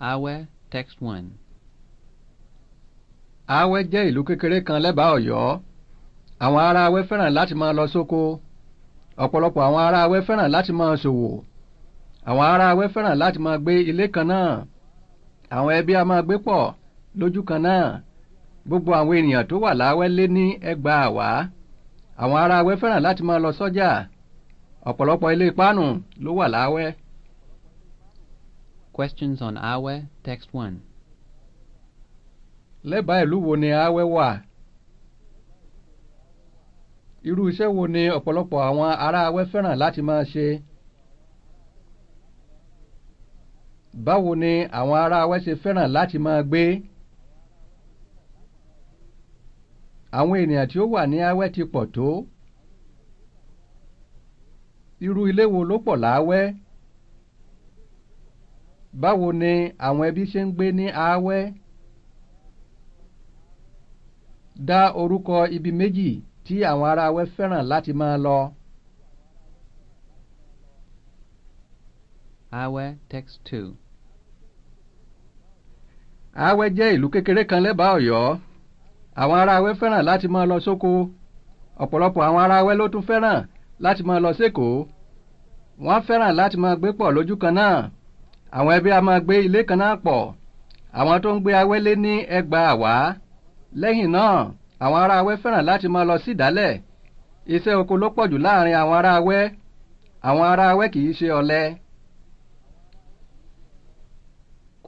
Awe text one. Awe jẹ́ ìlú kékeré kan lẹ́bàá Ọ̀yọ́. Àwọn ará Awẹ fẹ́ràn láti máa lọ sóko. Ọ̀pọ̀lọpọ̀ àwọn ará Awẹ fẹ́ràn láti máa ṣòwò. Àwọn ará Awẹ fẹ́ràn láti máa gbé ilé kan náà. Àwọn ẹbí a máa gbé pọ̀ lójú kan náà. Gbogbo àwọn ènìyàn tó wà láwẹ lé ní ẹgbàá wá. Àwọn ará Awẹ fẹ́ràn láti máa lọ sọ́jà. Ọ̀pọ̀lọpọ̀ ilé páànù ló wà láwẹ. Questions on Awe, Text 1. Lẹ́bàá ìlú wo ni Awe wà? Irú iṣẹ́ wo ni ọ̀pọ̀lọpọ̀ àwọn ará Awe fẹ́ràn láti máa ṣe? Báwo ni àwọn ará Awe ṣe fẹ́ràn láti máa gbé? Àwọn ènìyàn tí ó wà ní Awe ti pọ̀ tó. Irú ilé wo ló pọ̀ láwẹ́? báwo ni àwọn ẹbí ṣe ń gbé ní àáwẹ́ dá orúkọ ibi méjì tí àwọn ará àáwẹ́ fẹ́ràn láti máa lọ. Àáwẹ́ text two. Àáwẹ́ jẹ́ ìlú kékeré kan lẹ́bàá Ọ̀yọ́. Àwọn ará Àáwẹ́ fẹ́ràn láti máa lọ sóko. Ọ̀pọ̀lọpọ̀ àwọn ará Àáwẹ́ ló tún fẹ́ràn láti máa lọ sékòó. Wọ́n fẹ́ràn láti máa gbé pọ̀ lójú kan náà àwọn ẹbí a máa gbé ilé kan náà pọ̀ àwọn tó ń gbé awẹ́lé ní ẹgbàá wá lẹ́yìn náà àwọn ará awẹ́ fẹ́ràn láti máa lọ sí ìdálẹ̀ iṣẹ́ oko ló pọ̀jù láàrin àwọn ará awẹ́ àwọn ará awẹ́ kì í ṣe ọ̀lẹ.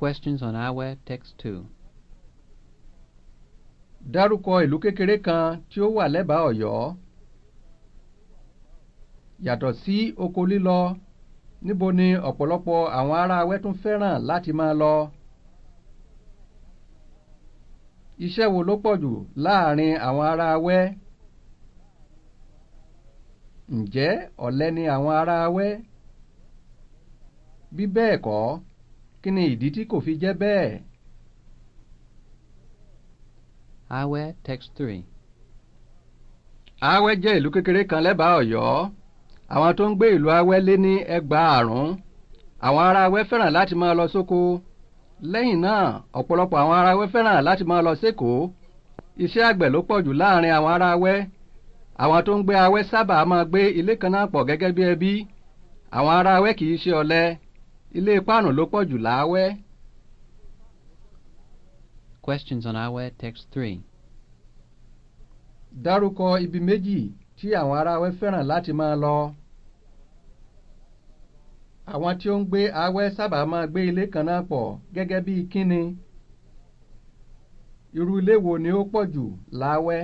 Questions on Awẹ́ text two. Dárúkọ ìlú kékeré kan tí ó wà lẹ́bàá Ọ̀yọ́. Yàtọ̀ sí oko lílọ níbo ni ọ̀pọ̀lọpọ̀ àwọn ará wẹ́tún fẹ́ràn láti máa lọ. iṣẹ́ wo ló pọ̀ jù láàrin àwọn ará wẹ́? ǹjẹ́ ọ̀lẹ ni àwọn ará wẹ́? bí bẹ́ẹ̀ kọ́ kí ni ìdí tí kò fi jẹ́ bẹ́ẹ̀? Awẹ́ text three. Awẹ́ jẹ́ ìlú kékeré kan lẹ́bàá Ọ̀yọ́. àwọn tó ń gbé ìlú awẹ́ lé ní ẹgbàárún àwọn ara awẹ́ fẹ́ràn láti máa lọ sóko lẹ́yìn náà ọ̀pọ̀lọpọ̀ àwọn ara awẹ́ fẹ́ràn láti máa lọ sékòó iṣẹ́ àgbẹ̀ ló pọ̀ jù láàrin àwọn ara awẹ́ àwọn tó ń gbé awẹ́ sábà máa gbé ilé kan náà pọ̀ gẹ́gẹ́ bí ẹbí àwọn awẹ́ kì í ṣe ilé ló pọ̀ ibi méjì tí àwọn ará Awẹ́ fẹ́ràn láti máa lọ. Àwọn tí ó ń gbé Awẹ́ sábà máa gbé ilé kan náà pọ̀ gẹ́gẹ́ bíi kíni? Irú ilé wo ni ó pọ̀ jù láwẹ́?